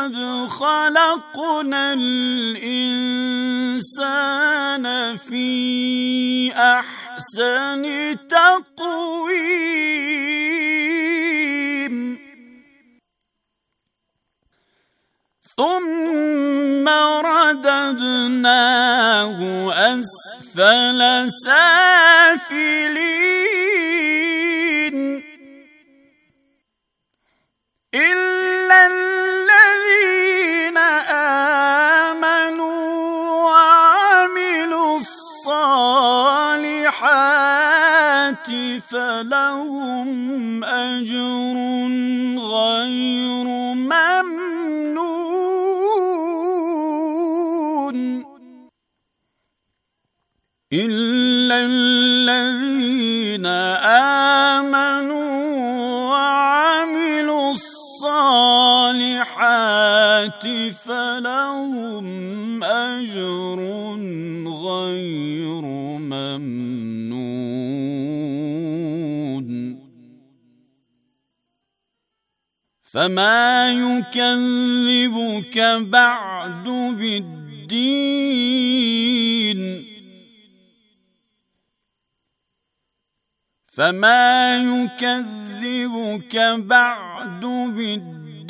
لقد خلقنا الانسان في احسن تقويم ثم رددناه اسفل سافلين فلهم أجر غير ممنون فما يكذبك بعد بالدين فما يكذبك بعد بالدين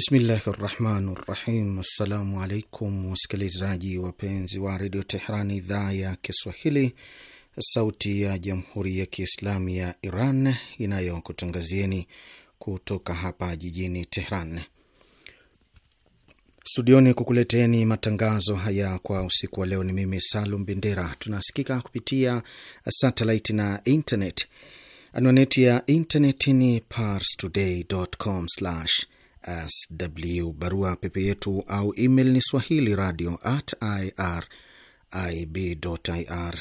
Bismillahi rahmani rahim. Assalamu alaikum wasikilizaji wapenzi wa redio Teherani, idhaa ya Kiswahili, sauti ya jamhuri ya kiislamu ya Iran inayokutangazieni kutoka hapa jijini Tehran studioni kukuleteni matangazo haya kwa usiku wa leo. Ni mimi Salum Bendera. Tunasikika kupitia satellite na internet. Anwani ya internet ni parstoday.com slash sw. Barua pepe yetu au email ni swahili radio at irib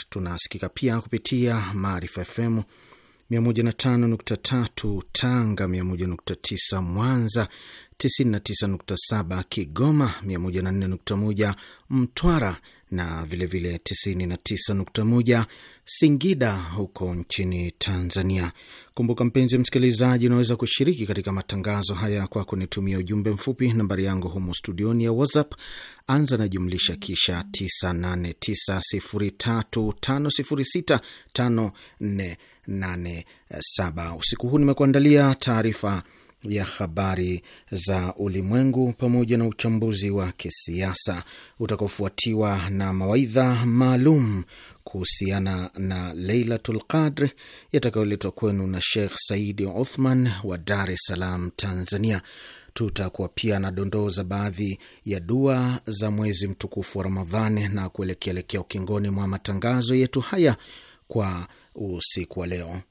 Tunasikika pia kupitia Maarifa FM 105.3 Tanga, 101.9 Mwanza, 99.7 Kigoma, 104.1 Mtwara na vilevile 99.1 Singida huko nchini Tanzania. Kumbuka mpenzi msikilizaji, unaweza kushiriki katika matangazo haya kwa kunitumia ujumbe mfupi. Nambari yangu humo studioni ya WhatsApp anza na jumlisha kisha 98903506548 saba. Usiku huu nimekuandalia taarifa ya habari za ulimwengu pamoja na uchambuzi wa kisiasa utakaofuatiwa na mawaidha maalum kuhusiana na Lailatul Qadr yatakayoletwa kwenu na Sheikh Saidi Othman wa Dar es Salaam, Tanzania. Tutakuwa pia na dondoo za baadhi ya dua za mwezi mtukufu wa Ramadhani na kuelekeelekea ukingoni mwa matangazo yetu haya kwa usiku wa leo.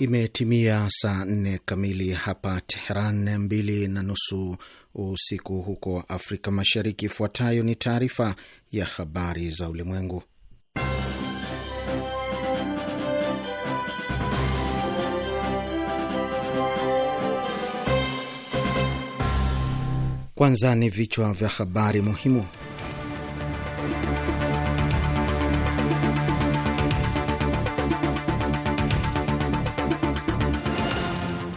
Imetimia saa nne kamili hapa Teheran, mbili na nusu usiku huko Afrika Mashariki. Ifuatayo ni taarifa ya habari za ulimwengu, kwanza ni vichwa vya habari muhimu.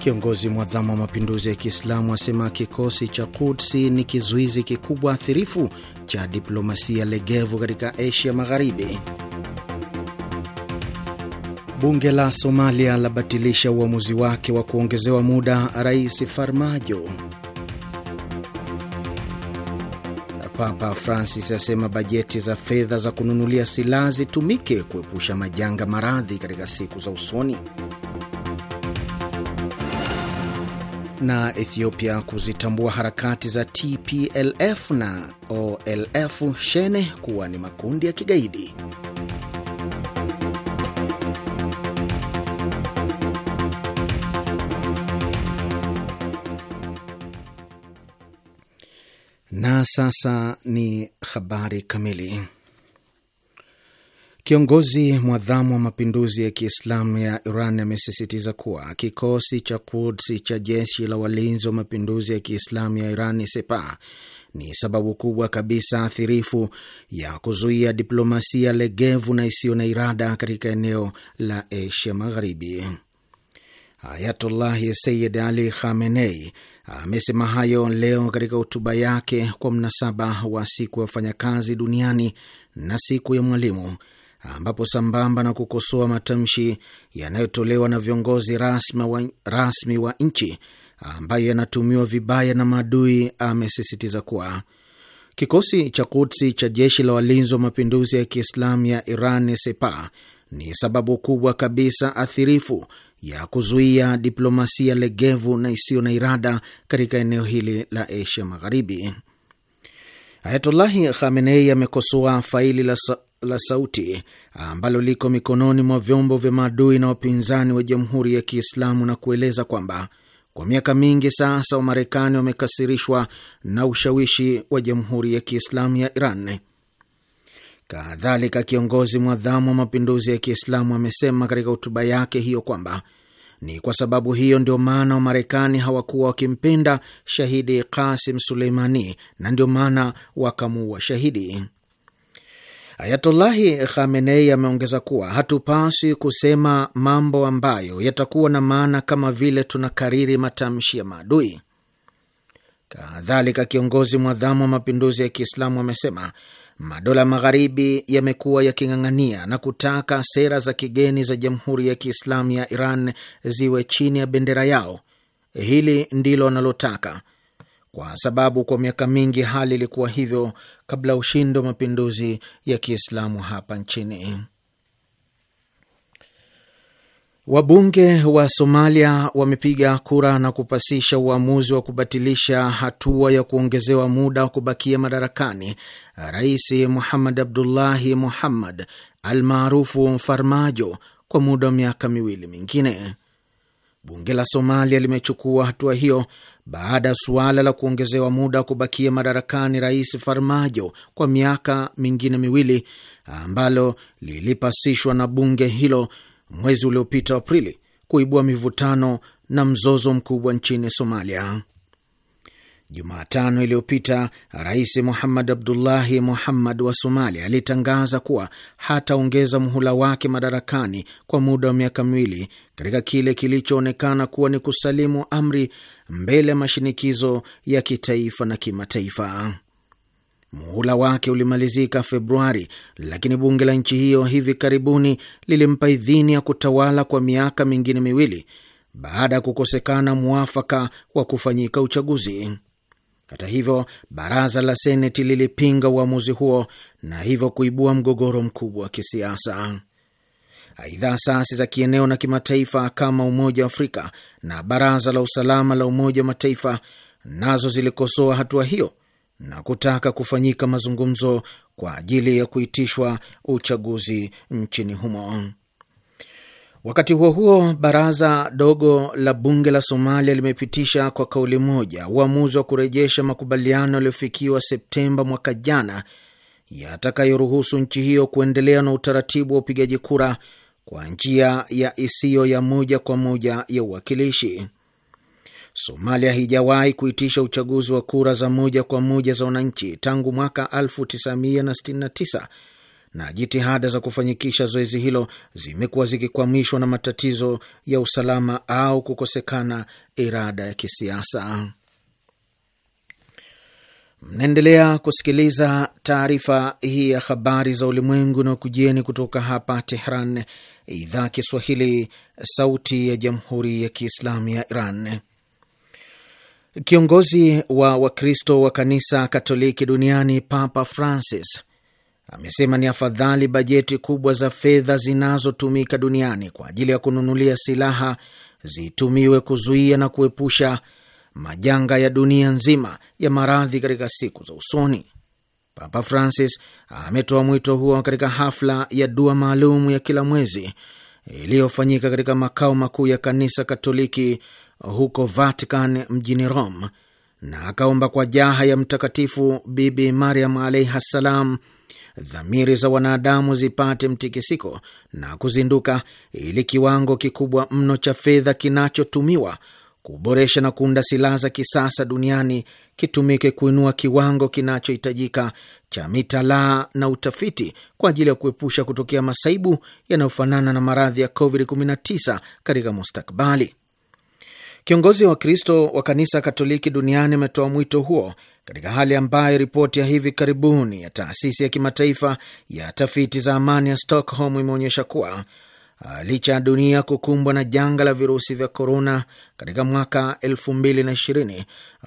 Kiongozi mwadhamu wa mapinduzi ya Kiislamu asema kikosi cha Kudsi ni kizuizi kikubwa athirifu cha diplomasia legevu katika Asia Magharibi. Bunge la Somalia labatilisha uamuzi wake wa kuongezewa muda Rais Farmajo. Papa Francis asema bajeti za fedha za kununulia silaha zitumike kuepusha majanga maradhi katika siku za usoni. na Ethiopia kuzitambua harakati za TPLF na OLF Shene kuwa ni makundi ya kigaidi. Na sasa ni habari kamili. Kiongozi mwadhamu wa mapinduzi ya Kiislamu ya Iran amesisitiza kuwa kikosi cha Quds cha jeshi la walinzi wa mapinduzi ya Kiislamu ya Iran sepa ni sababu kubwa kabisa athirifu ya kuzuia diplomasia legevu na isiyo na irada katika eneo la Asia Magharibi. Ayatullahi Sayyid Ali Khamenei amesema hayo leo katika hotuba yake kwa mnasaba wa siku ya wafanyakazi duniani na siku ya mwalimu ambapo sambamba na kukosoa matamshi yanayotolewa na viongozi rasmi wa, rasmi wa nchi ambayo yanatumiwa vibaya na maadui, amesisitiza kuwa kikosi cha Kutsi cha jeshi la walinzi wa mapinduzi ya Kiislamu ya Iran Sepa ni sababu kubwa kabisa athirifu ya kuzuia diplomasia legevu na isiyo na irada katika eneo hili la Asia Magharibi. Ayatullahi Khamenei amekosoa faili la la sauti ambalo liko mikononi mwa vyombo vya maadui na wapinzani wa Jamhuri ya Kiislamu na kueleza kwamba kwa miaka mingi sasa Wamarekani wamekasirishwa na ushawishi wa Jamhuri ya Kiislamu ya Iran. Kadhalika, kiongozi mwadhamu wa mapinduzi ya Kiislamu amesema katika hotuba yake hiyo kwamba ni kwa sababu hiyo ndio maana Wamarekani hawakuwa wakimpenda shahidi Kasim Suleimani na ndio maana wakamuua shahidi. Ayatullahi Khamenei ameongeza kuwa hatupaswi kusema mambo ambayo yatakuwa na maana kama vile tunakariri matamshi ya maadui. Kadhalika, kiongozi mwadhamu wa mapinduzi ya Kiislamu amesema madola magharibi yamekuwa yaking'ang'ania na kutaka sera za kigeni za Jamhuri ya Kiislamu ya Iran ziwe chini ya bendera yao. Hili ndilo wanalotaka kwa sababu kwa miaka mingi hali ilikuwa hivyo kabla ushindi wa mapinduzi ya Kiislamu hapa nchini. Wabunge wa Somalia wamepiga kura na kupasisha uamuzi wa kubatilisha hatua ya kuongezewa muda wa kubakia madarakani Rais Muhammad Abdullahi Muhammad almaarufu Mfarmajo kwa muda wa miaka miwili mingine. Bunge la Somalia limechukua hatua hiyo baada ya suala la kuongezewa muda wa kubakia madarakani Rais Farmajo kwa miaka mingine miwili ambalo lilipasishwa na bunge hilo mwezi uliopita Aprili, kuibua mivutano na mzozo mkubwa nchini Somalia. Jumatano iliyopita Rais Muhammad Abdullahi Muhammad wa Somalia alitangaza kuwa hataongeza muhula wake madarakani kwa muda wa miaka miwili katika kile kilichoonekana kuwa ni kusalimu amri mbele ya mashinikizo ya kitaifa na kimataifa. Muhula wake ulimalizika Februari, lakini bunge la nchi hiyo hivi karibuni lilimpa idhini ya kutawala kwa miaka mingine miwili baada ya kukosekana mwafaka wa kufanyika uchaguzi. Hata hivyo, baraza la seneti lilipinga uamuzi huo na hivyo kuibua mgogoro mkubwa wa kisiasa. Aidha, asasi za kieneo na kimataifa kama Umoja wa Afrika na Baraza la Usalama la Umoja wa Mataifa nazo zilikosoa hatua hiyo na kutaka kufanyika mazungumzo kwa ajili ya kuitishwa uchaguzi nchini humo. Wakati huo huo, baraza dogo la bunge la Somalia limepitisha kwa kauli moja uamuzi wa kurejesha makubaliano yaliyofikiwa Septemba mwaka jana yatakayoruhusu nchi hiyo kuendelea na utaratibu wa upigaji kura kwa njia ya isiyo ya moja kwa moja ya uwakilishi. Somalia haijawahi kuitisha uchaguzi wa kura za moja kwa moja za wananchi tangu mwaka 1969 na jitihada za kufanyikisha zoezi hilo zimekuwa zikikwamishwa na matatizo ya usalama au kukosekana irada ya kisiasa. Mnaendelea kusikiliza taarifa hii ya habari za ulimwengu na kujieni kutoka hapa Tehran, idhaa Kiswahili, sauti ya jamhuri ya kiislamu ya Iran. Kiongozi wa Wakristo wa kanisa Katoliki duniani Papa Francis amesema ni afadhali bajeti kubwa za fedha zinazotumika duniani kwa ajili ya kununulia silaha zitumiwe kuzuia na kuepusha majanga ya dunia nzima ya maradhi katika siku za usoni. Papa Francis ametoa mwito huo katika hafla ya dua maalum ya kila mwezi iliyofanyika katika makao makuu ya kanisa Katoliki huko Vatican mjini Rome, na akaomba kwa jaha ya Mtakatifu Bibi Mariam alaihi ssalam dhamiri za wanadamu zipate mtikisiko na kuzinduka, ili kiwango kikubwa mno cha fedha kinachotumiwa kuboresha na kuunda silaha za kisasa duniani kitumike kuinua kiwango kinachohitajika cha mitalaa na utafiti kwa ajili ya kuepusha kutokea masaibu yanayofanana na maradhi ya COVID-19 katika mustakbali Kiongozi wa Kristo wa kanisa Katoliki duniani ametoa mwito huo katika hali ambayo ripoti ya hivi karibuni ya taasisi ya kimataifa ya tafiti za amani ya Stockholm imeonyesha kuwa ah, licha ya dunia kukumbwa na janga la virusi vya korona katika mwaka 2020,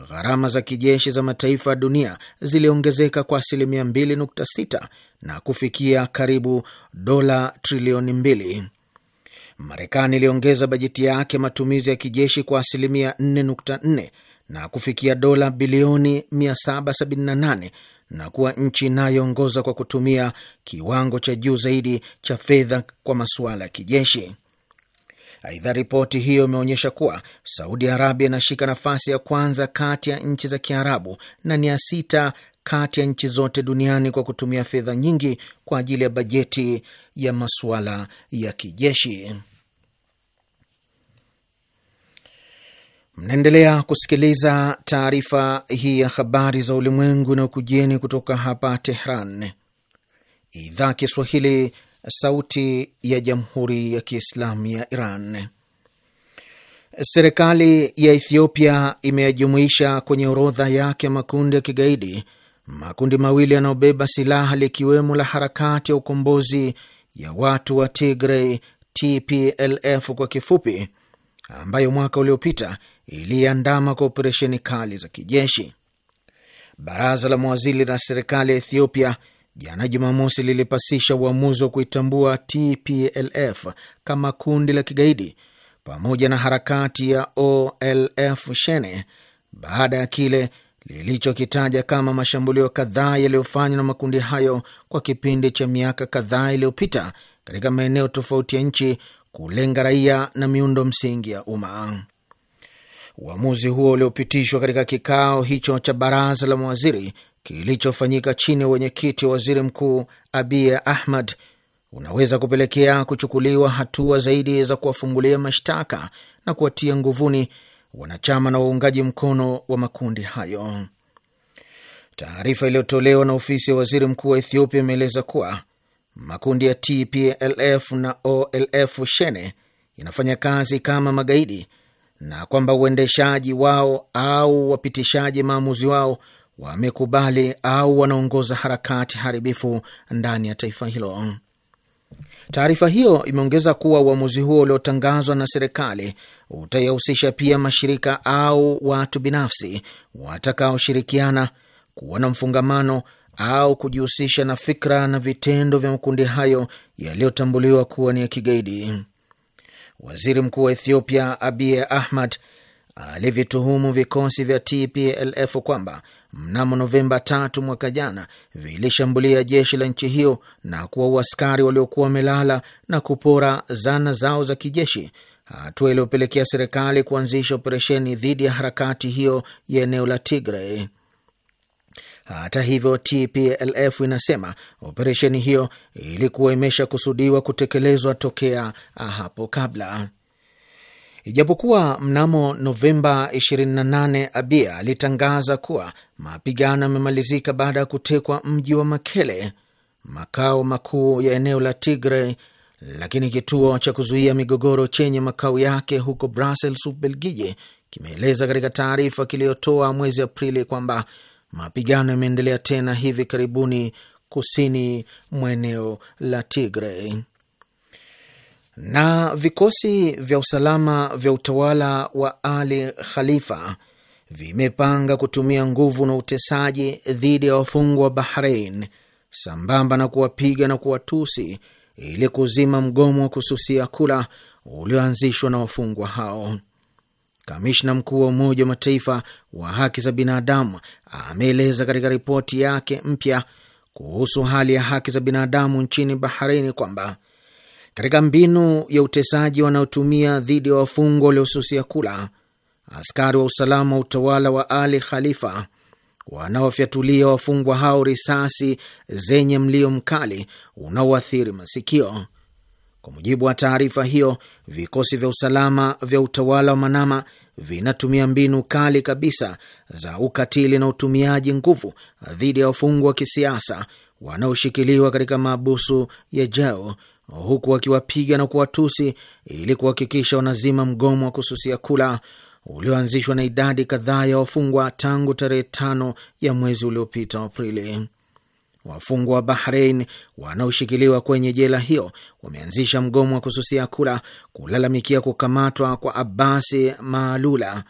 gharama za kijeshi za mataifa ya dunia ziliongezeka kwa asilimia 2.6 na kufikia karibu dola trilioni 2. Marekani iliongeza bajeti yake matumizi ya kijeshi kwa asilimia 4.4 na kufikia dola bilioni 778 na kuwa nchi inayoongoza kwa kutumia kiwango cha juu zaidi cha fedha kwa masuala ya kijeshi. Aidha, ripoti hiyo imeonyesha kuwa Saudi Arabia inashika nafasi ya kwanza kati ya nchi za Kiarabu na ni ya sita kati ya nchi zote duniani kwa kutumia fedha nyingi kwa ajili ya bajeti ya masuala ya kijeshi. Mnaendelea kusikiliza taarifa hii ya habari za ulimwengu na ukujieni kutoka hapa Tehran, idhaa Kiswahili, sauti ya jamhuri ya kiislamu ya Iran. Serikali ya Ethiopia imeyajumuisha kwenye orodha yake ya makundi ya kigaidi makundi mawili yanayobeba silaha likiwemo la harakati ya ukombozi ya watu wa Tigray TPLF kwa kifupi, ambayo mwaka uliopita iliyeandama kwa operesheni kali za kijeshi. Baraza la mawaziri la serikali ya Ethiopia jana Jumamosi lilipasisha uamuzi wa kuitambua TPLF kama kundi la kigaidi pamoja na harakati ya OLF Shene baada ya kile lilichokitaja kama mashambulio kadhaa yaliyofanywa na makundi hayo kwa kipindi cha miaka kadhaa iliyopita katika maeneo tofauti ya nchi kulenga raia na miundo msingi ya umma. Uamuzi huo uliopitishwa katika kikao hicho cha baraza la mawaziri kilichofanyika chini ya wenyekiti wa waziri mkuu Abiy Ahmed unaweza kupelekea kuchukuliwa hatua zaidi za kuwafungulia mashtaka na kuwatia nguvuni wanachama na waungaji mkono wa makundi hayo. Taarifa iliyotolewa na ofisi ya waziri mkuu wa Ethiopia imeeleza kuwa makundi ya TPLF na OLF Shene yanafanya kazi kama magaidi na kwamba uendeshaji wao au wapitishaji maamuzi wao wamekubali au wanaongoza harakati haribifu ndani ya taifa hilo. Taarifa hiyo imeongeza kuwa uamuzi huo uliotangazwa na serikali utayahusisha pia mashirika au watu binafsi watakaoshirikiana kuwa na mfungamano au kujihusisha na fikra na vitendo vya makundi hayo yaliyotambuliwa kuwa ni ya kigaidi waziri mkuu wa Ethiopia Abiy Ahmed alivituhumu vikosi vya TPLF kwamba mnamo Novemba tatu mwaka jana vilishambulia jeshi la nchi hiyo na kuwaua askari waliokuwa wamelala na kupora zana zao za kijeshi, hatua iliyopelekea serikali kuanzisha operesheni dhidi ya harakati hiyo ya eneo la Tigray. Hata hivyo, TPLF inasema operesheni hiyo ilikuwa imeshakusudiwa kutekelezwa tokea hapo kabla. Ijapokuwa mnamo Novemba 28 Abia alitangaza kuwa mapigano yamemalizika baada ya kutekwa mji wa Makele, makao makuu ya eneo la Tigray, lakini kituo cha kuzuia migogoro chenye makao yake huko Brussels, Ubelgiji, kimeeleza katika taarifa kiliyotoa mwezi Aprili kwamba Mapigano yameendelea tena hivi karibuni kusini mwa eneo la Tigray na vikosi vya usalama vya utawala wa Ali Khalifa vimepanga kutumia nguvu na utesaji dhidi ya wafungwa wa Bahrain sambamba na kuwapiga na kuwatusi ili kuzima mgomo wa kususia kula ulioanzishwa na wafungwa hao. Kamishna mkuu wa Umoja wa Mataifa wa haki za binadamu ameeleza katika ripoti yake mpya kuhusu hali ya haki za binadamu nchini Bahrain kwamba katika mbinu ya utesaji wanaotumia dhidi ya wafungwa waliosusia kula, askari wa usalama wa utawala wa Ali Khalifa wanaofyatulia wafungwa hao risasi zenye mlio mkali unaoathiri masikio. Kwa mujibu wa taarifa hiyo, vikosi vya usalama vya utawala wa Manama vinatumia mbinu kali kabisa za ukatili na utumiaji nguvu dhidi ya wafungwa wa kisiasa wanaoshikiliwa katika maabusu ya Jao, huku wakiwapiga na kuwatusi ili kuhakikisha wanazima mgomo wa kususia kula ulioanzishwa na idadi kadhaa ya wafungwa tangu tarehe tano ya mwezi uliopita Aprili. Wafungwa wa Bahrein wanaoshikiliwa kwenye jela hiyo wameanzisha mgomo wa kususia kula kulalamikia kukamatwa kwa Abasi Maalula,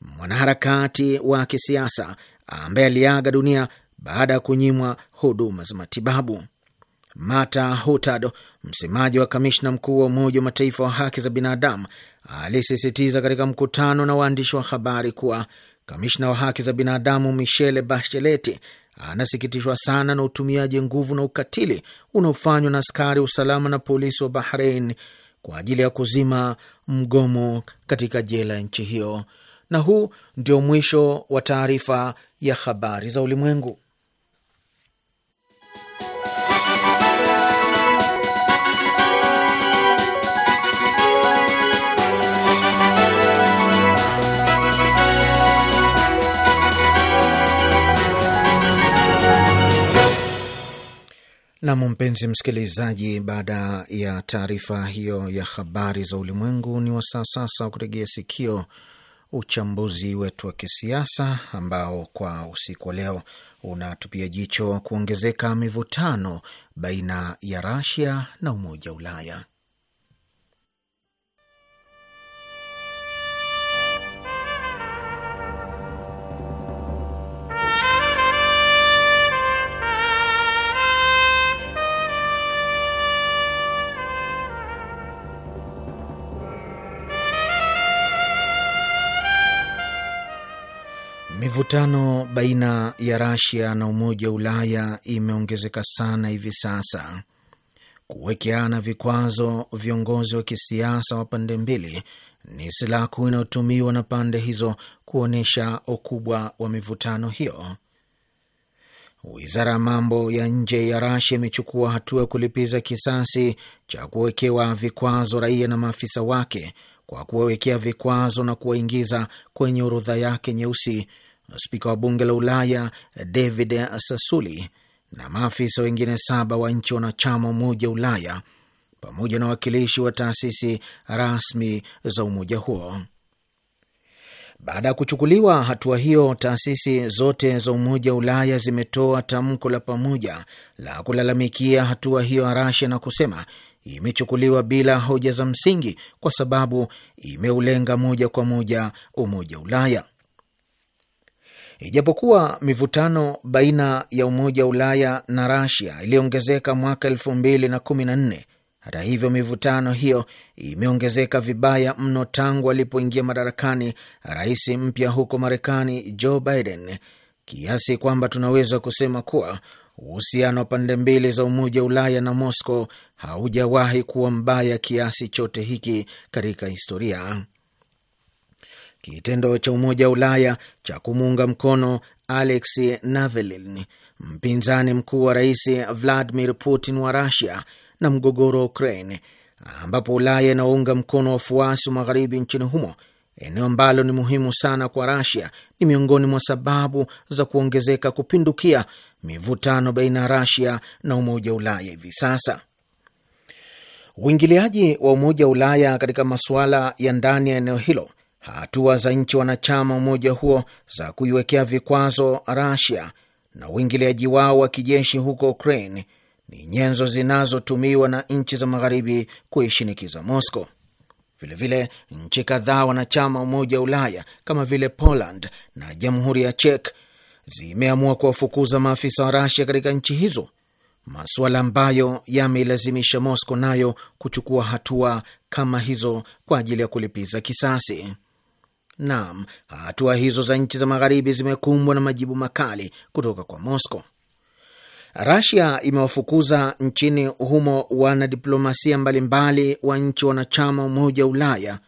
mwanaharakati wa kisiasa ambaye aliaga dunia baada ya kunyimwa huduma za matibabu. Mata Hutado, msemaji wa kamishna mkuu wa Umoja wa Mataifa wa haki za binadamu, alisisitiza katika mkutano na waandishi wa habari kuwa kamishna wa haki za binadamu Michele Basheleti anasikitishwa sana na utumiaji nguvu na ukatili unaofanywa na askari wa usalama na polisi wa Bahrain kwa ajili ya kuzima mgomo katika jela ya nchi hiyo. Na huu ndio mwisho wa taarifa ya habari za ulimwengu. Nam, mpenzi msikilizaji, baada ya taarifa hiyo ya habari za ulimwengu, ni wasaa sasa wa kutegea sikio uchambuzi wetu wa kisiasa ambao kwa usiku wa leo unatupia jicho kuongezeka mivutano baina ya Rasia na Umoja wa Ulaya. baina ya Rasia na Umoja wa Ulaya imeongezeka sana hivi sasa. Kuwekeana vikwazo viongozi wa kisiasa wa pande mbili ni silaha kuu inayotumiwa na pande hizo kuonyesha ukubwa wa mivutano hiyo. Wizara ya mambo ya nje ya Rasia imechukua hatua ya kulipiza kisasi cha kuwekewa vikwazo raia na maafisa wake kwa kuwawekea vikwazo na kuwaingiza kwenye orodha yake nyeusi spika wa bunge la Ulaya David sasuli na maafisa wengine saba wa nchi wanachama Umoja wa Ulaya pamoja na wawakilishi wa taasisi rasmi za umoja huo. Baada ya kuchukuliwa hatua hiyo, taasisi zote za Umoja wa Ulaya zimetoa tamko la pamoja la kulalamikia hatua hiyo ya Rasia na kusema imechukuliwa bila hoja za msingi, kwa sababu imeulenga moja kwa moja Umoja wa Ulaya. Ijapokuwa mivutano baina ya Umoja wa Ulaya na Rasia iliyoongezeka mwaka elfu mbili na kumi na nne. Hata hivyo, mivutano hiyo imeongezeka vibaya mno tangu alipoingia madarakani rais mpya huko Marekani, Joe Biden, kiasi kwamba tunaweza kusema kuwa uhusiano wa pande mbili za Umoja wa Ulaya na Moscow haujawahi kuwa mbaya kiasi chote hiki katika historia kitendo cha Umoja wa Ulaya cha kumuunga mkono Alexei Navalny, mpinzani mkuu wa Rais Vladimir Putin wa Rusia, na mgogoro wa Ukraine, ambapo Ulaya inaunga mkono wafuasi wa magharibi nchini humo, eneo ambalo ni muhimu sana kwa rasia ni miongoni mwa sababu za kuongezeka kupindukia mivutano baina ya Russia na Umoja wa Ulaya hivi sasa. Uingiliaji wa Umoja wa Ulaya katika masuala ya ndani ya eneo hilo hatua za nchi wanachama umoja huo za kuiwekea vikwazo Rasia na uingiliaji wao wa kijeshi huko Ukraine ni nyenzo zinazotumiwa na nchi za magharibi kuishinikiza Moscow. Vilevile nchi kadhaa wanachama umoja wa Ulaya kama vile Poland na jamhuri ya Czech zimeamua kuwafukuza maafisa wa Rasia katika nchi hizo, masuala ambayo yameilazimisha Moscow nayo kuchukua hatua kama hizo kwa ajili ya kulipiza kisasi. Naam, hatua hizo za nchi za magharibi zimekumbwa na majibu makali kutoka kwa Moscow. Rasia imewafukuza nchini humo wanadiplomasia mbalimbali wa nchi wanachama Umoja wa Ulaya,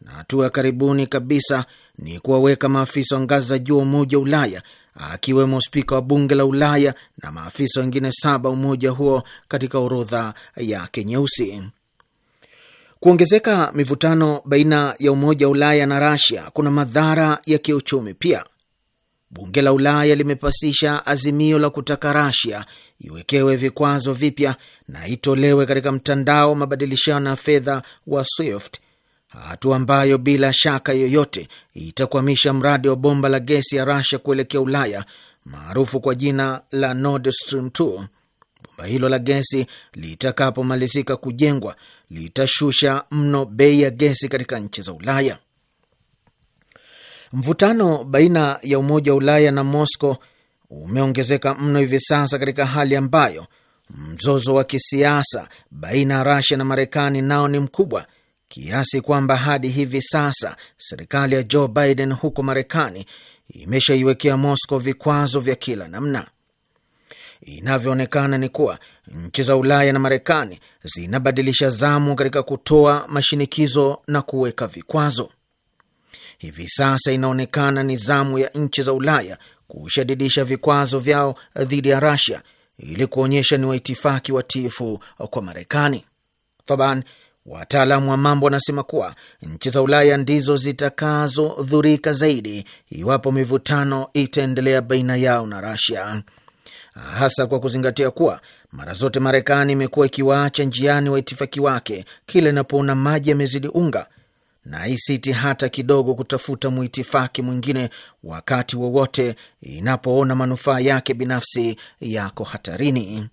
na hatua ya karibuni kabisa ni kuwaweka maafisa wa ngazi za juu wa Umoja wa Ulaya, akiwemo spika wa Bunge la Ulaya na maafisa wengine saba umoja huo katika orodha yake nyeusi. Kuongezeka mivutano baina ya Umoja wa Ulaya na Rasia kuna madhara ya kiuchumi pia. Bunge la Ulaya limepasisha azimio la kutaka Rasia iwekewe vikwazo vipya na itolewe katika mtandao wa mabadilishano ya fedha wa SWIFT, hatua ambayo bila shaka yoyote itakwamisha mradi wa bomba la gesi ya Rasia kuelekea Ulaya maarufu kwa jina la Nord Stream bomba hilo la gesi litakapomalizika kujengwa litashusha mno bei ya gesi katika nchi za Ulaya. Mvutano baina ya Umoja wa Ulaya na Moscow umeongezeka mno hivi sasa katika hali ambayo mzozo wa kisiasa baina ya Rasia na Marekani nao ni mkubwa kiasi kwamba hadi hivi sasa serikali ya Joe Biden huko Marekani imeshaiwekea Moscow vikwazo vya kila namna inavyoonekana ni kuwa nchi za Ulaya na Marekani zinabadilisha zamu katika kutoa mashinikizo na kuweka vikwazo. Hivi sasa inaonekana ni zamu ya nchi za Ulaya kushadidisha vikwazo vyao dhidi ya rasia ili kuonyesha ni waitifaki watiifu kwa Marekani. Taban, wataalamu wa mambo wanasema kuwa nchi za Ulaya ndizo zitakazodhurika zaidi iwapo mivutano itaendelea baina yao na rasia hasa kwa kuzingatia kuwa mara zote Marekani imekuwa ikiwaacha njiani waitifaki wake kila inapoona maji yamezidi unga na isiti hata kidogo kutafuta mwitifaki mwingine wakati wowote inapoona manufaa yake binafsi yako hatarini.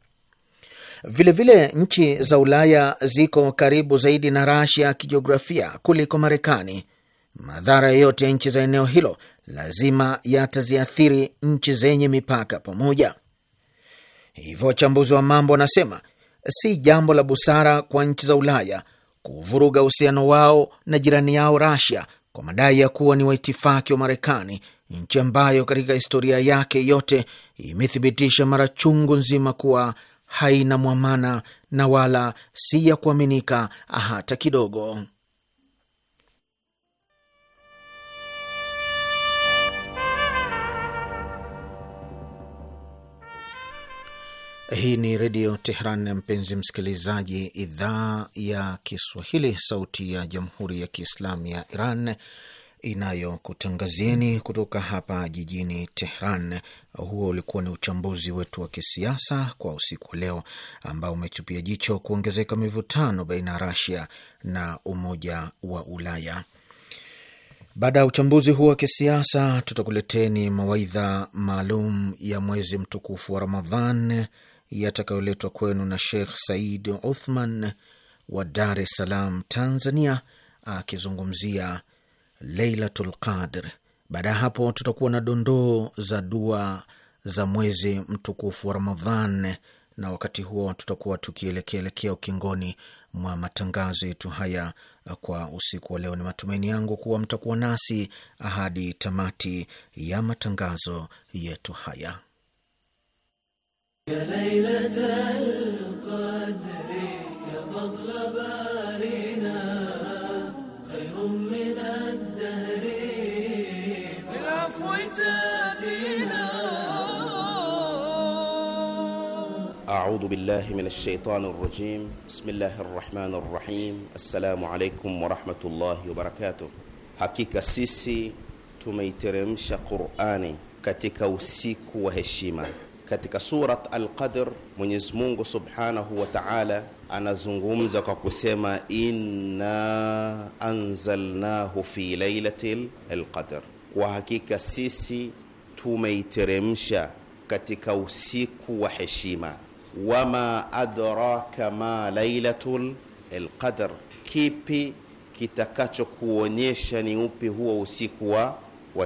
Vilevile vile nchi za Ulaya ziko karibu zaidi na Rasia kijiografia kuliko Marekani. Madhara yoyote ya nchi za eneo hilo lazima yataziathiri nchi zenye mipaka pamoja Hivyo wachambuzi wa mambo wanasema si jambo la busara kwa nchi za Ulaya kuvuruga uhusiano wao na jirani yao Rasia kwa madai ya kuwa ni waitifaki wa Marekani, nchi ambayo katika historia yake yote imethibitisha mara chungu nzima kuwa haina mwamana na wala si ya kuaminika hata kidogo. Hii ni Redio Tehran, mpenzi msikilizaji, idhaa ya Kiswahili, sauti ya Jamhuri ya Kiislamu ya Iran inayokutangazieni kutoka hapa jijini Tehran. Huo ulikuwa ni uchambuzi wetu wa kisiasa kwa usiku wa leo ambao umetupia jicho kuongezeka mivutano baina ya Rasia na Umoja wa Ulaya. Baada ya uchambuzi huu wa kisiasa, tutakuleteni mawaidha maalum ya mwezi mtukufu wa Ramadhan yatakayoletwa kwenu na Sheikh Said Uthman wa Dar es Salaam, Tanzania, akizungumzia Lailatul Qadr. Baada ya hapo, tutakuwa na dondoo za dua za mwezi mtukufu wa Ramadhan, na wakati huo tutakuwa tukielekeelekea ukingoni mwa matangazo yetu haya kwa usiku wa leo. Ni matumaini yangu kuwa mtakuwa nasi hadi tamati ya matangazo yetu haya. يا ليلة القدر يا فضل بارنا خير من الدهر بالعفو تأتينا أعوذ بالله من الشيطان الرجيم بسم الله الرحمن الرحيم السلام عليكم ورحمة الله وبركاته hakika سيسي tumeiteremsha قرآني katika usiku wa heshima Katika Surat alqadr qadr Mwenyezi Mungu Subhanahu wa Ta'ala anazungumza kwa kusema inna anzalnahu fi lailatil lqadr kwa hakika sisi tumeiteremsha katika usiku wa heshima. Wama adraka ma lailatul lqadr kipi kitakachokuonyesha ni upi huo usiku wa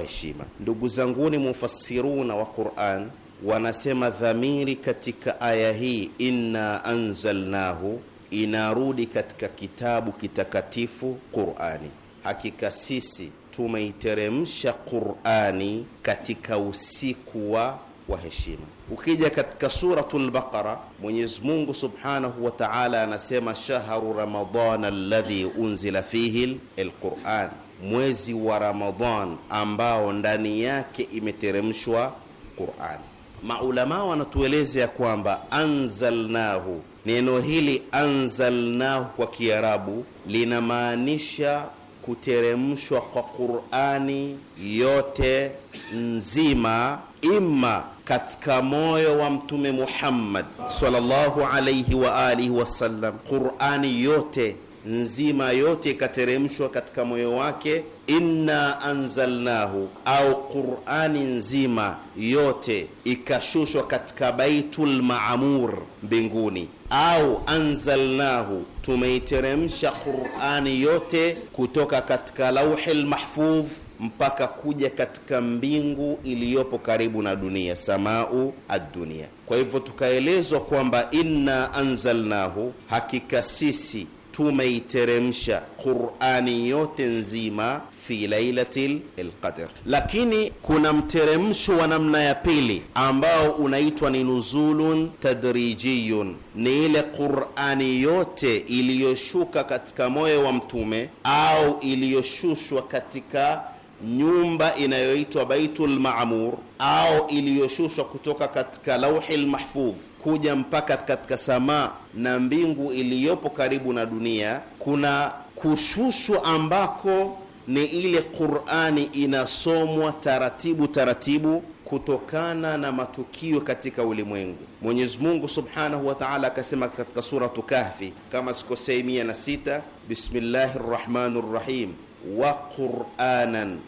heshima. Ndugu zanguni mufassiruna wa Qur'an wanasema dhamiri katika aya hii inna anzalnahu inarudi katika kitabu kitakatifu Qur'ani. Hakika sisi tumeiteremsha Qur'ani katika usiku wa wa heshima. Ukija katika suratul Baqara, Mwenyezi Mungu Subhanahu wa Ta'ala anasema shahru ramadan alladhi unzila fihi alquran, mwezi wa ramadan ambao ndani yake imeteremshwa Qur'ani wanatueleza wanatuelezea kwamba anzalnahu, neno hili anzalnahu kwa Kiarabu linamaanisha kuteremshwa kwa Qur'ani yote nzima, imma katika moyo wa Mtume Muhammad sallallahu alayhi wa alihi wasallam, Qur'ani yote nzima yote ikateremshwa katika moyo wake, inna anzalnahu, au Qur'ani nzima yote ikashushwa katika Baitul Maamur mbinguni, au anzalnahu, tumeiteremsha Qur'ani yote kutoka katika lauhi lmahfudh mpaka kuja katika mbingu iliyopo karibu na dunia, samau addunia Kwa hivyo tukaelezwa kwamba inna anzalnahu, hakika sisi tumeiteremsha Qur'ani yote nzima fi lailati lqadr Lakini kuna mteremsho wa namna ya pili ambao unaitwa ni nuzulun tadrijiyun, ni ile Qur'ani yote iliyoshuka katika moyo wa mtume au iliyoshushwa katika nyumba inayoitwa Baitul Maamur au iliyoshushwa kutoka katika lauhi lmahfudh kuja mpaka katika samaa na mbingu iliyopo karibu na dunia, kuna kushushwa ambako ni ile Qur'ani inasomwa taratibu taratibu kutokana na matukio katika ulimwengu. Mwenyezi Mungu Subhanahu wa Ta'ala akasema katika suratu Kahfi, kama sikosei, 6 bismillahi rrahmani rrahim, wa qur'anan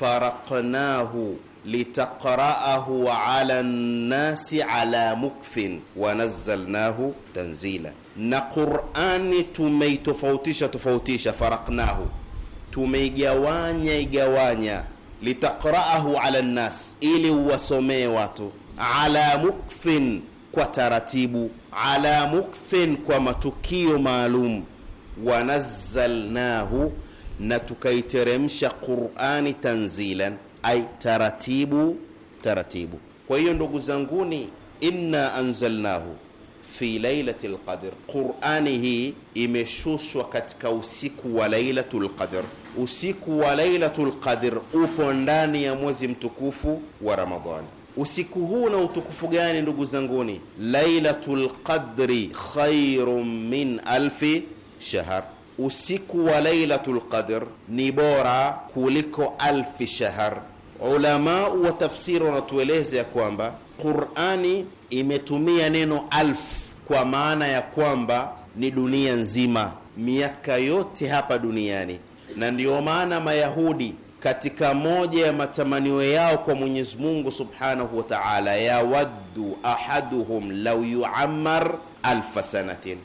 faraqnahu litaqra'ahu ala nnasi ala mukfin wa tanzila, na Qur'ani tumeitofautisha tofautisha, faraqnahu tumeigawanya igawanya, litaqra'ahu ala nnas, ili uwasomee watu, ala mukfin, kwa taratibu, ala mukfin, kwa matukio maalum, wa na tukaiteremsha Qur'ani tanzilan, ai taratibu taratibu. Kwa hiyo ndugu zanguni, inna anzalnahu fi lailati lqadr Qur'ani hii imeshushwa katika usiku wa lailatu lqadr Usiku wa lailatu lqadr upo ndani ya mwezi mtukufu wa Ramadhani. Usiku huu na utukufu gani ndugu zanguni? lailatu lqadri khairun min alfi shahr usiku wa Lailatul Qadr ni bora kuliko alfi shahar. Ulama wa tafsiri wanatueleza ya kwamba Qur'ani imetumia neno alf kwa maana ya kwamba ni dunia nzima, miaka yote hapa duniani, na ndiyo maana Mayahudi katika moja ya matamanio yao kwa Mwenyezi Mungu Subhanahu wa Ta'ala, yawaddu ahaduhum law yu'ammar alfa sanatin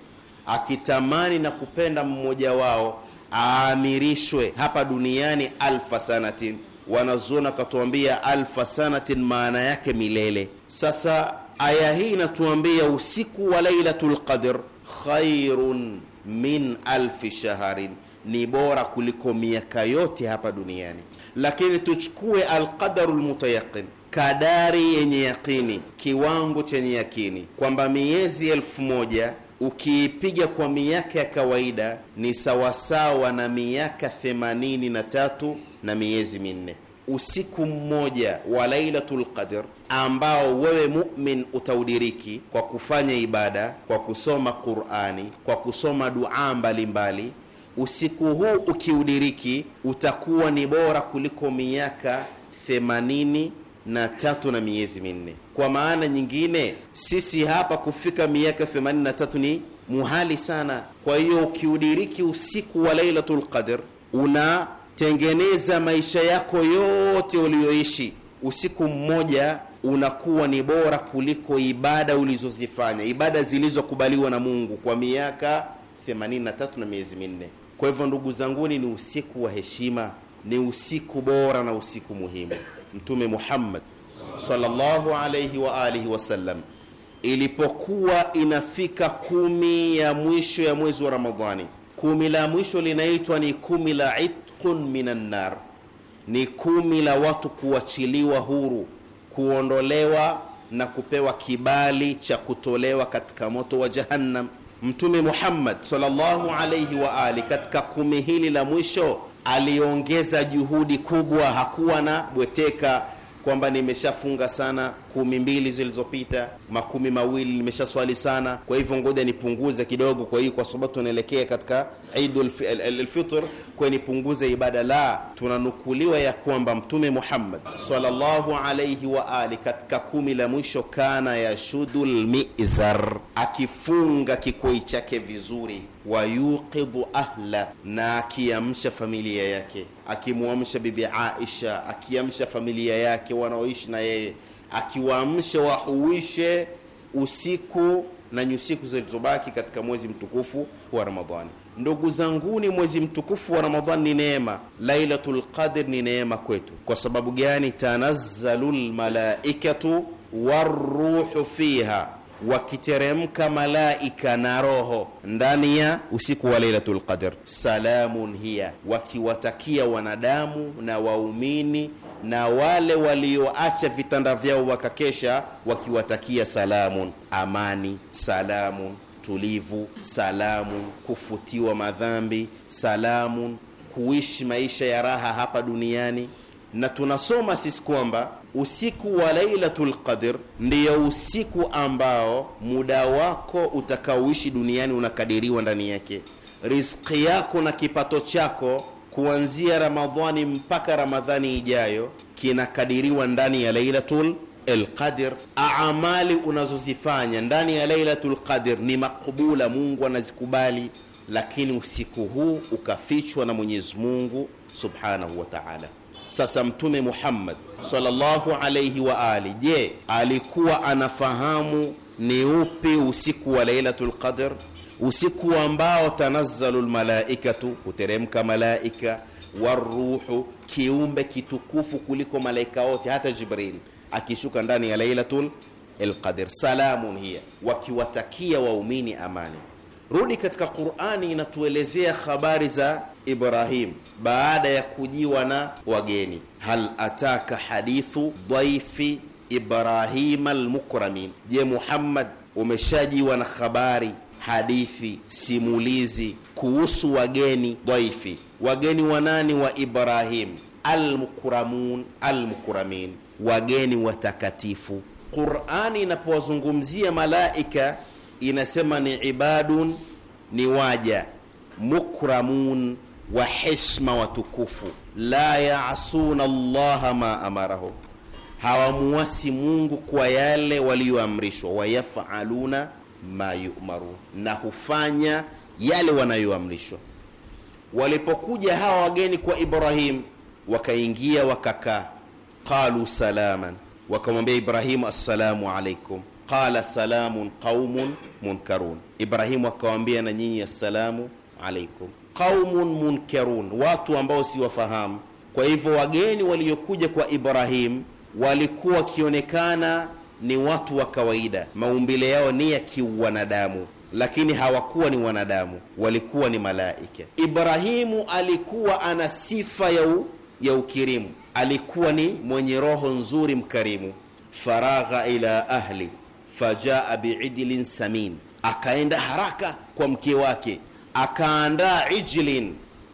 akitamani na kupenda mmoja wao aamirishwe hapa duniani alfa sanatin. Wanazuona katuambia alfa sanatin maana yake milele. Sasa aya hii inatuambia usiku wa lailatu lqadr khairun min alfi shaharin, ni bora kuliko miaka yote hapa duniani. Lakini tuchukue alqadaru lmutayaqin kadari yenye yakini, kiwango chenye yakini kwamba miezi elfu moja ukiipiga kwa miaka ya kawaida ni sawasawa na miaka themanini na tatu na miezi minne. Usiku mmoja wa lailatu lqadr ambao wewe mumin utaudiriki kwa kufanya ibada, kwa kusoma Qur'ani, kwa kusoma duaa mbalimbali. Usiku huu ukiudiriki utakuwa ni bora kuliko miaka themanini na tatu na miezi minne. Kwa maana nyingine, sisi hapa kufika miaka 83 ni muhali sana. Kwa hiyo ukiudiriki usiku wa Lailatul Qadr unatengeneza maisha yako yote uliyoishi. Usiku mmoja unakuwa ni bora kuliko ibada ulizozifanya, ibada zilizokubaliwa na Mungu kwa miaka 83 na miezi minne. Kwa hivyo ndugu zanguni, ni usiku wa heshima, ni usiku bora na usiku muhimu. Mtume Muhammad sallallahu alayhi wa alihi wasallam ilipokuwa inafika kumi ya mwisho ya mwezi wa Ramadhani, kumi la mwisho linaitwa ni kumi la itqun minan nar, ni kumi la watu kuachiliwa huru, kuondolewa na kupewa kibali cha kutolewa katika moto wa Jahannam. Mtume Muhammad sallallahu alayhi wa ali, katika kumi hili la mwisho aliongeza juhudi kubwa, hakuwa na bweteka kwamba nimeshafunga sana, kumi mbili zilizopita, makumi mawili nimeshaswali sana, kwa hivyo ngoja nipunguze kidogo. Kwa hiyo kwa sababu tunaelekea katika Idul Fitr, kwa nipunguze ibada. La, tunanukuliwa ya kwamba Mtume Muhammad sallallahu alayhi wa ali katika kumi la mwisho, kana yashudul mizar, akifunga kikoi chake vizuri wa yuqidhu ahla, na akiamsha familia yake, akimwamsha Bibi Aisha, akiamsha familia yake wanaoishi na yeye, akiwaamsha wahuishe usiku na nyusiku zilizobaki katika mwezi mtukufu wa Ramadhani. Ndugu zanguni, mwezi mtukufu wa Ramadhani ni neema. Lailatul Qadr ni neema kwetu. Kwa sababu gani? Tanazzalul lmalaikatu waruhu fiha wakiteremka malaika na roho ndani ya usiku wa Lailatul Qadr, salamun hiya, wakiwatakia wanadamu na waumini na wale walioacha vitanda vyao wakakesha, wakiwatakia salamun, amani, salamun, tulivu, salamun, kufutiwa madhambi, salamun, kuishi maisha ya raha hapa duniani. Na tunasoma sisi kwamba usiku wa Lailatul Qadr ndiyo usiku ambao muda wako utakaoishi duniani unakadiriwa ndani yake. Riziki yako na kipato chako kuanzia Ramadhani mpaka Ramadhani ijayo kinakadiriwa ndani ya Lailatul Alqadr. Amali unazozifanya ndani ya Lailatul Qadr ni makubula, Mungu anazikubali, lakini usiku huu ukafichwa na Mwenyezi Mungu Subhanahu wa Ta'ala. Sasa Mtume Muhammad sallallahu alayhi wa ali, je, alikuwa anafahamu ni upi usiku wa Lailatul Qadr, usiku ambao tanazzalu lmalaikatu, huteremka malaika waruhu, kiumbe kitukufu kuliko malaika wote, hata Jibril akishuka ndani ya Lailatul Alqadr, Salamun hiya, wakiwatakia waumini amani. Rudi katika Qur'ani, inatuelezea habari za Ibrahim baada ya kujiwa na wageni. Hal ataka hadithu dhaifi Ibrahima almukramin, je, Muhammad umeshajiwa na habari, hadithi, simulizi kuhusu wageni dhaifi, wageni wanani wa Ibrahim almukramun, almukramin, wageni watakatifu. Qurani inapowazungumzia malaika inasema ni ibadun, ni waja mukramun wa heshima watukufu, la yaasuna llaha ma amarahum, hawamuasi Mungu kwa yale waliyoamrishwa, wayafaluna ma yumaru na hufanya yale wanayoamrishwa. Walipokuja hawa wageni kwa Ibrahim, wakaingia wakakaa, qalu salaman, wakamwambia Ibrahimu assalamu alaikum qala salamun qaumun munkarun. Ibrahimu akawambia na nyinyi assalamu alaikum qaumun munkarun, watu ambao siwafahamu. Kwa hivyo wageni waliokuja kwa Ibrahim walikuwa wakionekana ni watu wa kawaida, maumbile yao ni ya kiwanadamu, lakini hawakuwa ni wanadamu, walikuwa ni malaika. Ibrahimu alikuwa ana sifa ya, ya ukirimu, alikuwa ni mwenye roho nzuri, mkarimu. faragha ila ahli fajaa biidlin samin, akaenda haraka kwa mke wake akaandaa ijlin,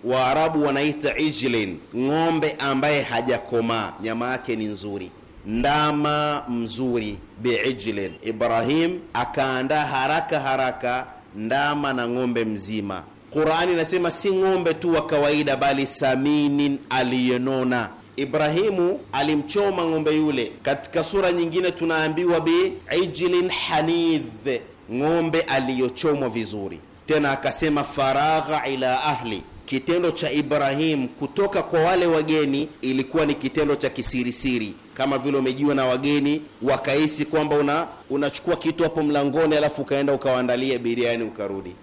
Waarabu wanaita ijlin, ng'ombe ambaye hajakomaa, nyama yake ni nzuri, ndama mzuri, biijlin. Ibrahim akaandaa haraka haraka ndama na ng'ombe mzima. Qurani inasema si ng'ombe tu wa kawaida, bali saminin, aliyenona. Ibrahimu alimchoma ng'ombe yule. Katika sura nyingine tunaambiwa biijlin hanidh, ng'ombe aliyochomwa vizuri. Tena akasema faragha ila ahli. Kitendo cha Ibrahim kutoka kwa wale wageni ilikuwa ni kitendo cha kisirisiri, kama vile umejiwa na wageni wakahisi kwamba una unachukua kitu hapo mlangoni, alafu ukaenda ukawaandalia biriani ukarudi.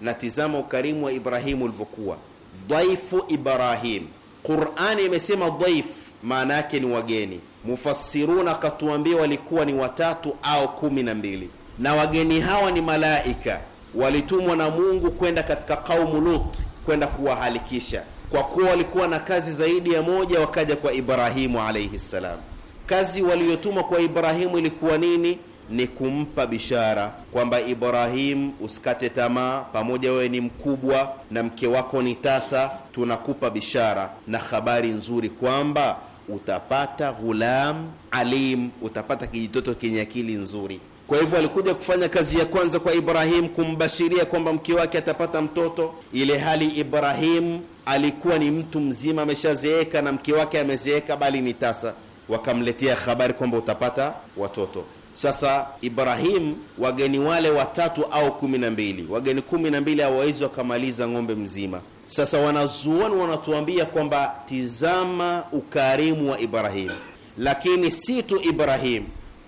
Na tizama ukarimu wa Ibrahimu ulivyokuwa. Dhaifu Ibrahim, Qurani imesema dhaif maana yake ni wageni. Mufassiruna akatuambia walikuwa ni watatu au kumi na mbili, na wageni hawa ni malaika walitumwa na Mungu kwenda katika kaumu Lut kwenda kuwahalikisha. Kwa kuwa walikuwa na kazi zaidi ya moja, wakaja kwa Ibrahimu alaihi ssalam. Kazi waliyotumwa kwa Ibrahimu ilikuwa nini? Ni kumpa bishara kwamba Ibrahimu, usikate tamaa, pamoja wewe ni mkubwa na mke wako ni tasa, tunakupa bishara na habari nzuri kwamba utapata ghulam alim, utapata kijitoto kenye akili nzuri. Kwa hivyo alikuja kufanya kazi ya kwanza kwa Ibrahim kumbashiria kwamba mke wake atapata mtoto, ile hali Ibrahim alikuwa ni mtu mzima ameshazeeka na mke wake amezeeka, bali ni tasa. Wakamletea habari kwamba utapata watoto. Sasa Ibrahim, wageni wale watatu au kumi na mbili, wageni kumi na mbili hawawezi wakamaliza ng'ombe mzima. Sasa wanazuoni wanatuambia kwamba tizama ukarimu wa Ibrahim, lakini si tu Ibrahim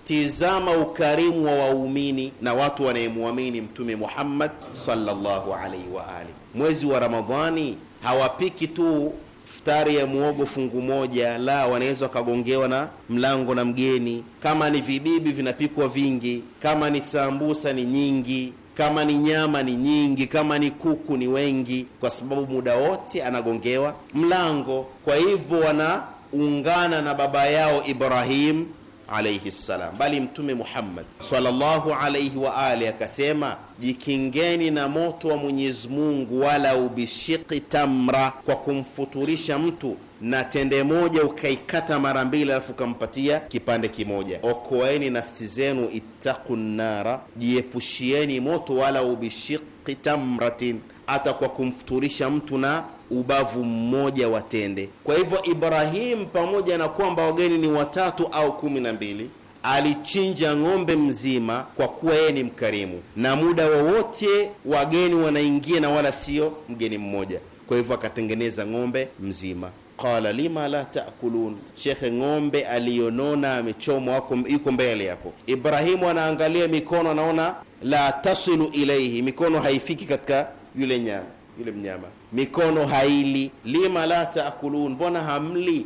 Tizama ukarimu wa waumini na watu wanayemwamini Mtume Muhammad sallallahu alaihi wa ali. Mwezi wa Ramadhani hawapiki tu iftari ya muogo fungu moja, la, wanaweza wakagongewa na mlango na mgeni. Kama ni vibibi vinapikwa vingi, kama ni sambusa ni nyingi, kama ni nyama ni nyingi, kama ni kuku ni wengi, kwa sababu muda wote anagongewa mlango. Kwa hivyo wanaungana na baba yao Ibrahim alaihi salam, bali Mtume Muhammad sallallahu alaihi wa ali akasema, jikingeni na moto wa Mwenyezi Mungu, wala ubishiki tamra, kwa kumfuturisha mtu na tende moja ukaikata mara mbili, alafu ukampatia kipande kimoja. Okoeni nafsi zenu, ittaqu nara jiepushieni moto, wala ubishiki tamratin hata kwa kumfuturisha mtu na ubavu mmoja watende. Kwa hivyo Ibrahimu, pamoja na kwamba wageni ni watatu au kumi na mbili, alichinja ng'ombe mzima kwa kuwa yeye ni mkarimu, na muda wowote wa wageni wanaingia na wala sio mgeni mmoja. Kwa hivyo akatengeneza ng'ombe mzima. Qala lima la taakulun, shekhe, ng'ombe aliyonona amechomwa yuko mbele hapo. Ibrahimu anaangalia mikono, anaona la tasilu ilaihi, mikono haifiki katika yule nyama yule mnyama. Mikono haili, lima la taakulun, mbona hamli?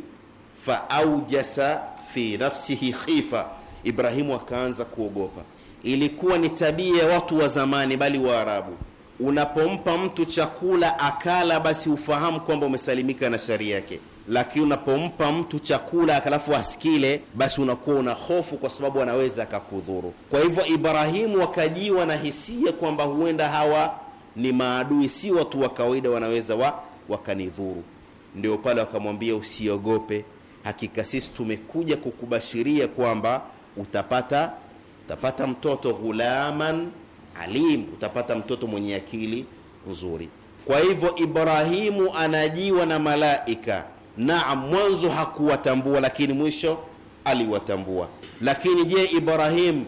Faaujasa fi nafsihi khifa, Ibrahimu akaanza kuogopa. Ilikuwa ni tabia ya watu wa zamani, bali Waarabu, unapompa mtu chakula akala, basi ufahamu kwamba umesalimika na sharia yake lakini unapompa mtu chakula akalafu asikile, basi unakuwa una hofu, kwa sababu anaweza akakudhuru. Kwa hivyo Ibrahimu wakajiwa na hisia kwamba huenda hawa ni maadui, si watu wa kawaida, wanaweza wa wakanidhuru. Ndio pale wakamwambia usiogope, hakika sisi tumekuja kukubashiria kwamba utapata utapata mtoto ghulaman alim, utapata mtoto mwenye akili nzuri. Kwa hivyo Ibrahimu anajiwa na malaika. Naam, mwanzo hakuwatambua, lakini mwisho aliwatambua. Lakini je, Ibrahimu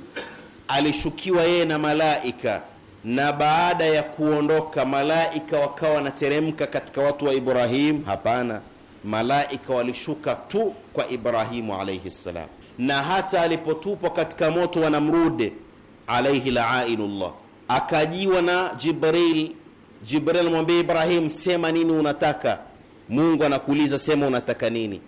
alishukiwa yeye na malaika na baada ya kuondoka malaika wakawa wanateremka katika watu wa Ibrahim? Hapana, malaika walishuka tu kwa Ibrahimu alaihi ssalam, na hata alipotupwa katika moto wa Namrude alaihi laainullah, akajiwa na Jibril. Jibril anamwambia Ibrahim, sema nini unataka. Mungu anakuuliza sema unataka nini?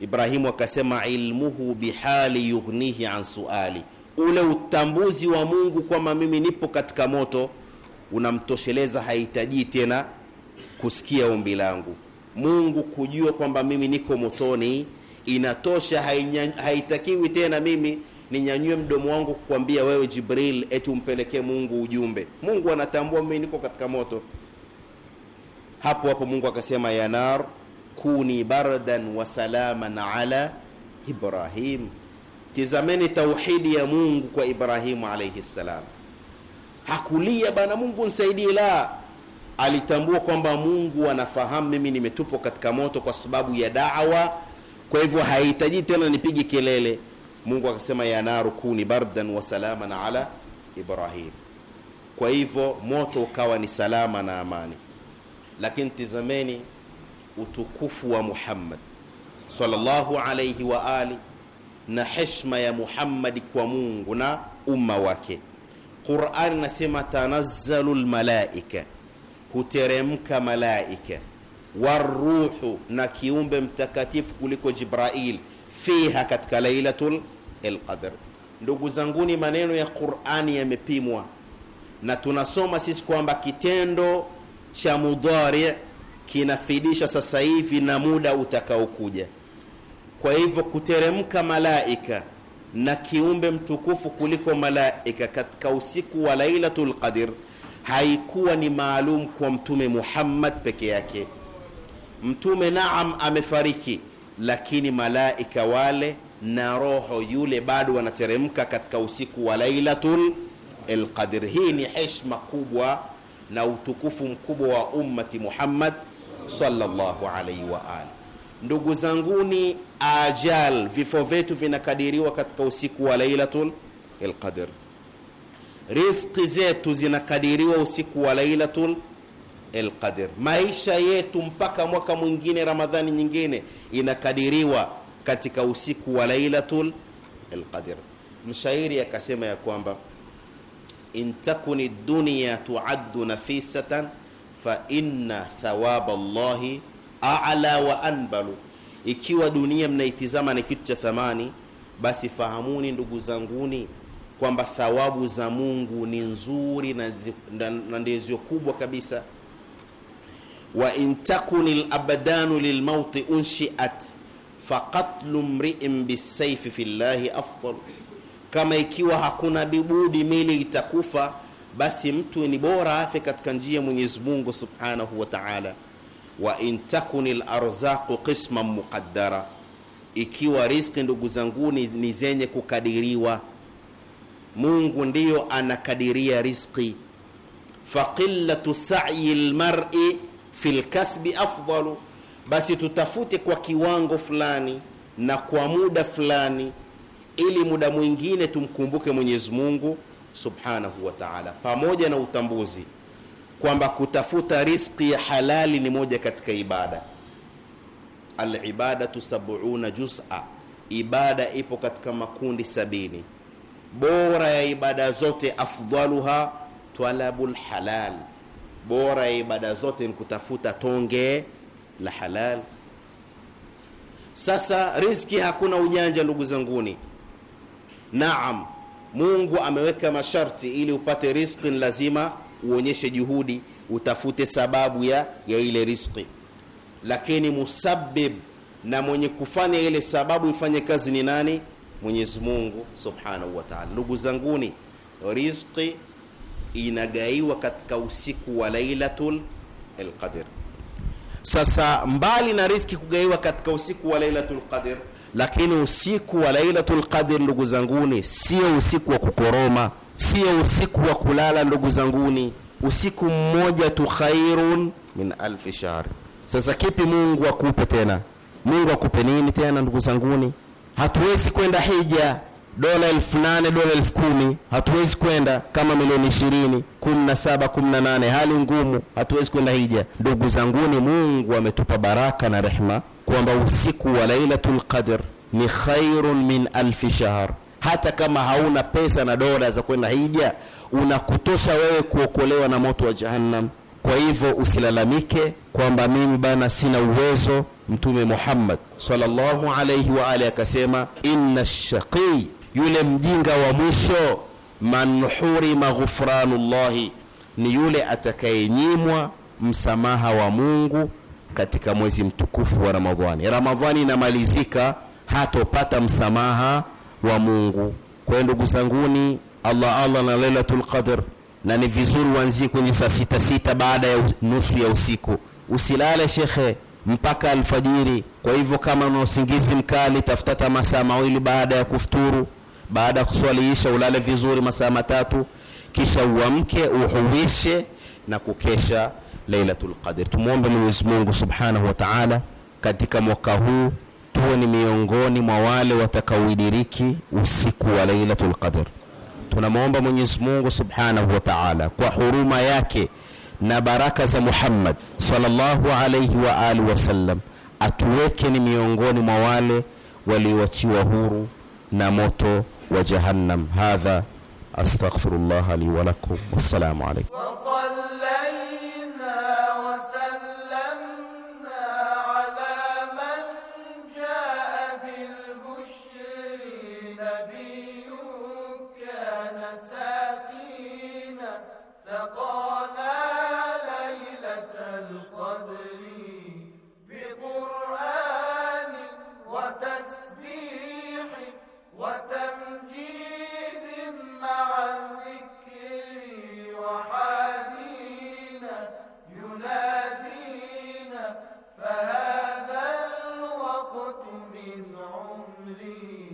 Ibrahimu akasema ilmuhu bihali yughnihi an suali ule utambuzi wa Mungu kwamba mimi nipo katika moto unamtosheleza, hahitaji tena kusikia ombi langu. Mungu kujua kwamba mimi niko motoni inatosha, haitakiwi tena mimi ninyanyue mdomo wangu kukwambia wewe Jibril, eti umpelekee Mungu ujumbe. Mungu anatambua mimi niko katika moto. Hapo hapo Mungu akasema, ya nar kuni bardan wa salaman ala Ibrahim Tizameni tauhidi ya Mungu kwa Ibrahimu alayhi salam. Hakulia bana, Mungu nisaidie, la, alitambua kwamba Mungu anafahamu mimi nimetupwa katika moto kwa sababu ya da'wa, kwa hivyo haihitaji tena nipige kelele. Mungu akasema, ya naru kuni bardan wa ala Ibrahim. Kwa hivyo moto ukawa ni salama na amani. Lakini tizameni utukufu wa Muhammad sallallahu alayhi wa na heshma ya Muhammadi kwa Mungu na umma wake. Qur'an nasema tanazzalu lmalaika, huteremka malaika, waruhu, na kiumbe mtakatifu kuliko Jibrail, fiha, katika lailatul lqadr Ndugu zanguni, maneno ya Qur'ani yamepimwa na tunasoma sisi kwamba kitendo cha mudhari kinafidisha sasa hivi na muda utakaokuja. Kwa hivyo kuteremka malaika na kiumbe mtukufu kuliko malaika katika usiku wa Lailatul Qadr haikuwa ni maalum kwa Mtume Muhammad peke yake. Mtume naam, amefariki, lakini malaika wale na roho yule bado wanateremka katika usiku wa Lailatul Qadr. Hii ni heshima kubwa na utukufu mkubwa wa ummati Muhammad sallallahu alaihi wa ali. Ndugu zanguni ajal, vifo vyetu vinakadiriwa katika usiku wa Lailatul Qadr. Riziki zetu zinakadiriwa usiku wa Lailatul Qadr. Maisha yetu mpaka mwaka mwingine, Ramadhani nyingine, inakadiriwa katika usiku wa Lailatul Qadr. Mshairi akasema ya, ya kwamba intakuni dunya tuaddu nafisatan fa inna thawaba Allahi a'la wa anbalu ikiwa dunia mnaitizama ni kitu cha thamani, basi fahamuni ndugu zanguni kwamba thawabu za Mungu ni nzuri na ndizo kubwa kabisa. wa in takuni labdanu lilmauti unshiat faqatlu mriin bisaifi fi llahi afdal, kama ikiwa hakuna bibudi mili itakufa, basi mtu ni bora afe katika njia ya Mwenyezi Mungu subhanahu wa taala wa in takuni larzaqu qisman muqaddara, ikiwa riski ndugu zangu ni, ni zenye kukadiriwa. Mungu ndiyo anakadiria fa Faqillatu sa'yi lmari fi lkasbi afdalu, basi tutafute kwa kiwango fulani na kwa muda fulani, ili muda mwingine tumkumbuke Mwenyezi Mungu subhanahu wa ta'ala, pamoja na utambuzi kwamba kutafuta riski ya halali ni moja katika ibada. Alibadatu sabuna juz'a, ibada ipo katika makundi sabini. Bora ya ibada zote afdaluha talabu lhalal bora ya ibada zote ni kutafuta tonge la halal. Sasa riski hakuna ujanja, ndugu zanguni. Naam, Mungu ameweka masharti ili upate ni lazima uonyeshe juhudi, utafute sababu ya, ya ile riski Lakini musabib na mwenye kufanya ile sababu ifanye kazi ni nani? Mwenyezi Mungu subhanahu wa taala. Ndugu zanguni, riski inagaiwa katika usiku wa Lailatul Qadr. Sasa mbali na riski kugaiwa katika usiku wa Lailatul Qadr, lakini usiku wa Lailatul Qadr ndugu zanguni, sio usiku wa kukoroma siyo usiku wa kulala ndugu zanguni, usiku mmoja tu khairun min alfi shahr. Sasa kipi Mungu akupe tena? Mungu akupe nini tena ndugu zanguni? Hatuwezi kwenda hija dola elfu nane dola elfu kumi hatuwezi kwenda kama milioni ishirini kumi na saba kumi na nane hali ngumu, hatuwezi kwenda hija. Ndugu zanguni, Mungu ametupa baraka na rehma kwamba usiku wa Lailatul Qadr ni khairun min alfi shahr hata kama hauna pesa na dola za kwenda hija, unakutosha wewe kuokolewa na moto wa Jahannam. Kwa hivyo usilalamike kwamba mimi bana sina uwezo. Mtume Muhammad sallallahu alayhi wa alihi akasema, inna shaqi, yule mjinga wa mwisho, man hurima ghufranullahi, ni yule atakayenyimwa msamaha wa Mungu katika mwezi mtukufu wa Ramadhani. Ramadhani inamalizika, hatopata msamaha wa Mungu. Kwa hiyo ndugu zanguni, Allah Allah na Lailatul Qadr, na ni vizuri uanzie kwenye saa sita sita baada ya nusu ya usiku, usilale shekhe mpaka alfajiri. Kwa hivyo kama una usingizi mkali, tafuta masaa mawili baada ya kufuturu, baada ya kuswali isha ulale vizuri masaa matatu, kisha uamke uhuishe na kukesha Lailatul Qadr. Tumuombe Mwenyezi Mungu Subhanahu wa Ta'ala katika mwaka huu tuwe ni miongoni mwa wale watakaoidiriki usiku wa Lailatul Qadr. Tunamwomba Mwenyezi Mungu Subhanahu wa Ta'ala kwa huruma yake na baraka za Muhammad sallallahu alayhi wa alihi wasallam atuweke ni miongoni mwa wale walioachiwa huru na moto wa Jahannam. Hadha astaghfirullah li wa lakum. Wassalamu alaykum. اتقانا ليلة القدر بقرآن وتسبيح وتمجيد مع الذكر وحنين ينادينا فهذا الوقت من عمري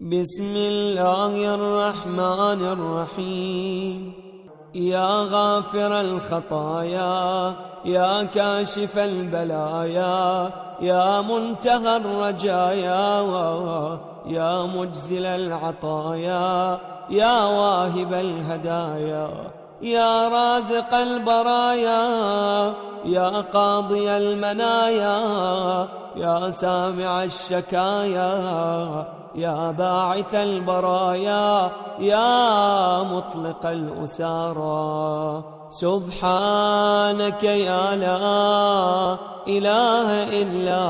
بسم الله الرحمن الرحيم يا غافر الخطايا يا كاشف البلايا يا منتهى الرجايا يا مجزل العطايا يا واهب الهدايا يا رازق البرايا يا قاضي المنايا يا سامع الشكايا يا باعث البرايا يا مطلق الأسارى سبحانك يا لا إله إلا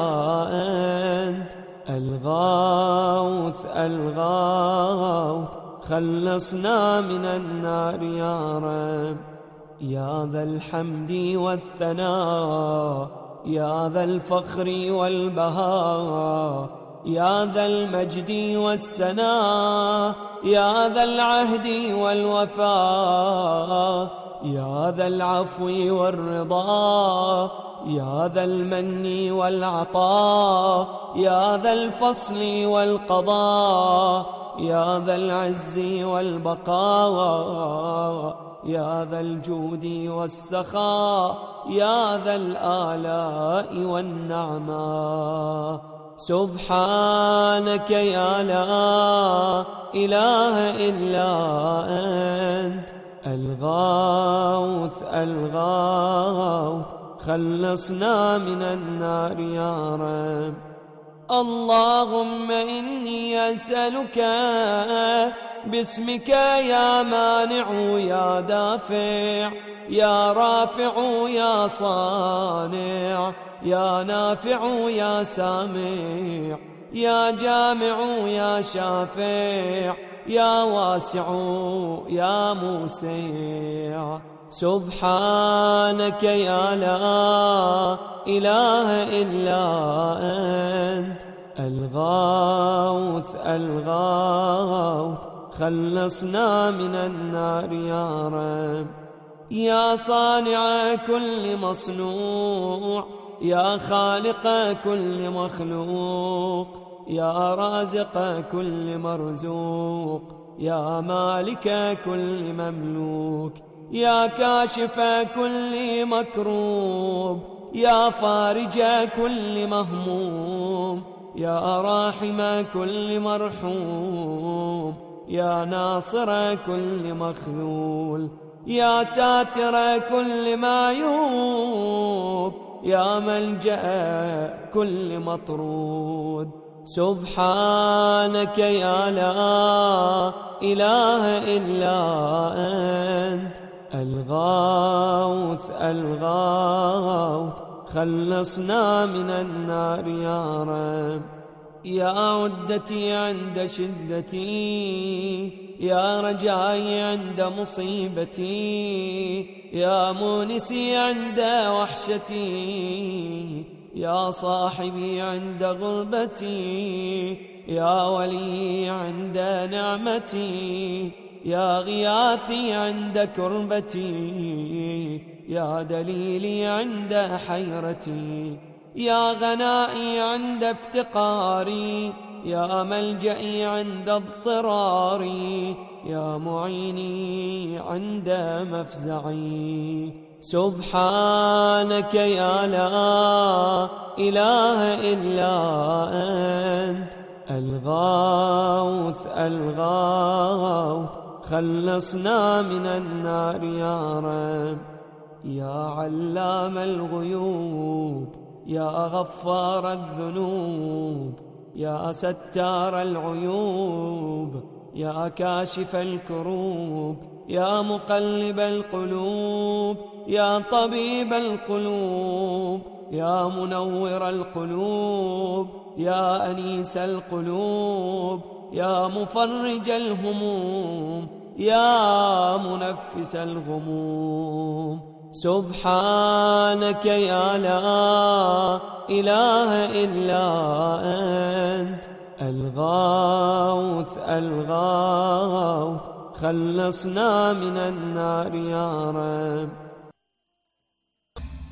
أنت الغوث الغوث خلصنا من النار يا رب يا ذا الحمد والثناء يا ذا الفخر والبهاء يا ذا المجد والسناء يا ذا العهد والوفاء يا ذا العفو والرضا يا ذا المن والعطاء يا ذا الفصل والقضاء يا ذا العز والبقاء يا ذا الجود والسخاء يا ذا الآلاء والنعماء سبحانك يا لا إله إلا أنت الغوث الغوث خلصنا من النار يا رب اللهم إني أسألك باسمك يا مانع يا دافع يا رافع يا صانع يا نافع يا سامع يا جامع يا شافع يا واسع يا موسع سبحانك يا لا إله إلا أنت الغاوث الغاوث خلصنا من النار يا رب يا صانع كل مصنوع يا خالق كل مخلوق يا رازق كل مرزوق يا مالك كل مملوك يا كاشف كل مكروب يا فارج كل مهموم يا راحم كل مرحوم يا ناصر كل مخذول يا ساتر كل معيوب يا ملجأ كل مطرود سبحانك يا لا إله إلا أنت الغاوث الغاوث خلصنا من النار يا رب يا عدتي عند شدتي يا رجائي عند مصيبتي يا مونسي عند وحشتي يا صاحبي عند غربتي يا ولي عند نعمتي يا غياثي عند كربتي يا دليلي عند حيرتي يا غنائي عند افتقاري يا ملجئي عند اضطراري يا معيني عند مفزعي سبحانك يا لا إله إلا أنت الغاوث الغاوث خلصنا من النار يا رب يا علام الغيوب يا غفار الذنوب يا ستار العيوب يا كاشف الكروب يا مقلب القلوب يا طبيب القلوب يا منور القلوب يا أنيس القلوب يا مفرج الهموم يا منفس الغموم سبحانك يا لا إله إلا أنت الغاوث الغاوث خلصنا من النار يا رب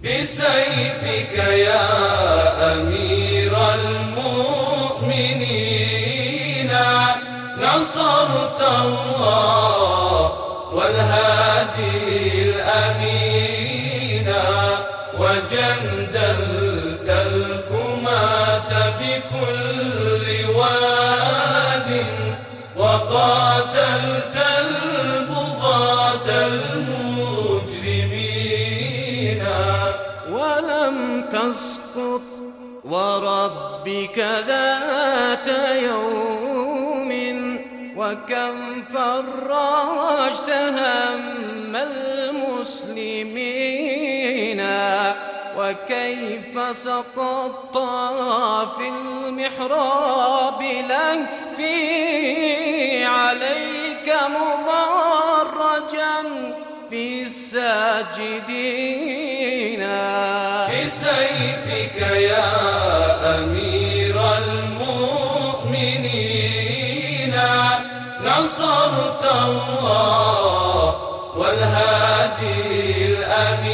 بسيفك يا أمير المؤمنين نصرت الله والهادي الأمين جندلت دلت الكمات بكل واد وقاتلت البغاة المجرمين ولم تسقط وربك ذات يوم وكم فرجت هم المسلمين وكيف سقط في المحراب له في عليك مضرجا في الساجدين بسيفك يا أمير المؤمنين نصرت الله والهادي الأمين